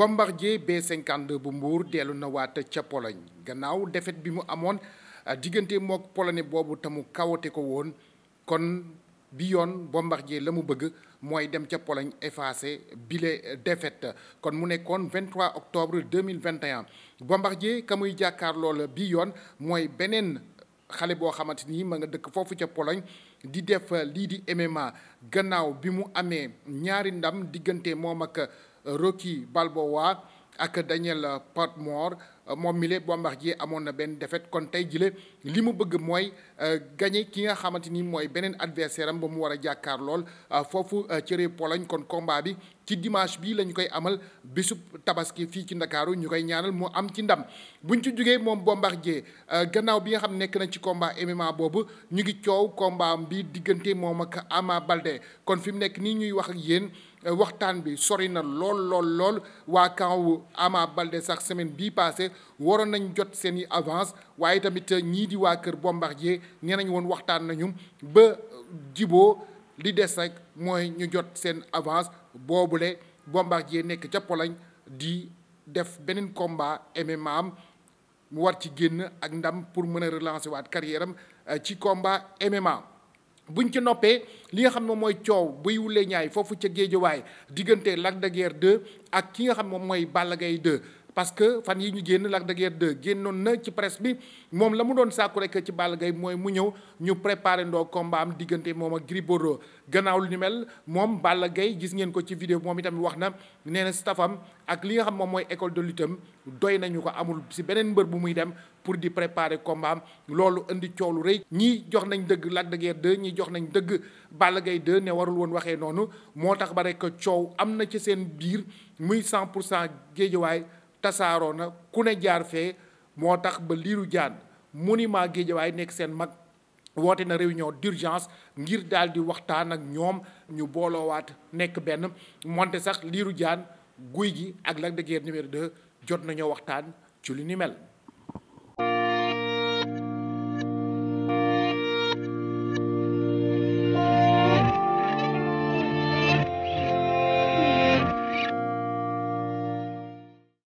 bombardier B52 bu mbuur dellu na waat ca Pologne gannaaw defet bi mu amoon ah, diggante mook polonais boobu te mu kawate ko woon kon bi yoon bombax bombardier la mu bëgg mooy dem ca Pologne effacé bile défaite kon mu nekkoon 23 octobre 2021 bombardier ka muy jàkkaar loola bi yoon mooy beneen xale boo xamante ni ma nga dëkk foofu ca Pologne di def lii di MMA gannaaw bi mu amee ñaari ndam diggante moom ak Rocky Balboa ak Daniel Portmore moom mi le Bombardier amoon na benn defet kon tey jile li mu bëgg mooy euh, gagné ki nga xamante ni mooy beneen adversaire am ba mu war a jàkkaar lool euh, foofu euh, ci réew Pologne kon combat bi ci dimanche bi lañ koy amal bisub tabaski fii ci ndakaaru ñu koy ñaanal mu am ci ndam buñ ci jógee moom jee gannaaw bi nga xam nekk nañ ci combat MMA boobu ñu ngi coow combat bi diggante moom ak Ama Baldé kon fi mu nekk nii ñuy wax ak yéen Euh, waxtaan bi sori na lool lool lool waa kaw Ama Balde sax semaine bii passé waroon nañ jot seen i avance waaye tamit euh, ñii di waa kër Bombardier nee nañ woon waxtaan nañu ba euh, jiboo li des rek mooy ñu jot seen avance boobule Bombardier nekk ca Pologne di def beneen combat MMA mu war ci génn ak ndam pour mën a relancer waat carrière am ci komba MMA bu ñu ci noppee li nga xam ne mooy coow buy wulee ñaay foofu ca géejawaay diggante Lac de Guiers ak ki nga xam moom mooy Balla Gaye 2 parce que fan yi ñu génn Lac de génnoon na ci presse bi moom la mu doon sàkku rek ci Balla gay mooy mu ñëw ñu préparé ndoo combat diggante moom a Gris gannaaw lu ni mel moom Balla Gaye gis ngeen ko ci vidéo moom itam wax na nee na staffam ak li nga xam moom mooy école de lutte doy nañu ko amul si beneen mbër bu muy dem pour di préparer combat am loolu indi coow lu rëy ñii jox nañ dëgg Lac de Guiers jox nañ dëgg Balla Gaye 2 ne warul woon waxee noonu moo tax ba rek coow am na ci seen biir muy 100 pour cent géejawaay tasaaroo na ku ne jaar fee moo tax ba liiru jaan monument waaye nekk seen mag woote na réunion d'urgence ngir daal di waxtaan ak ñoom ñu booloowaat nekk benn monte sax liiru jaan guy gi ak Lac de Guiers numéro 2 jot nañoo waxtaan ci lu ni mel.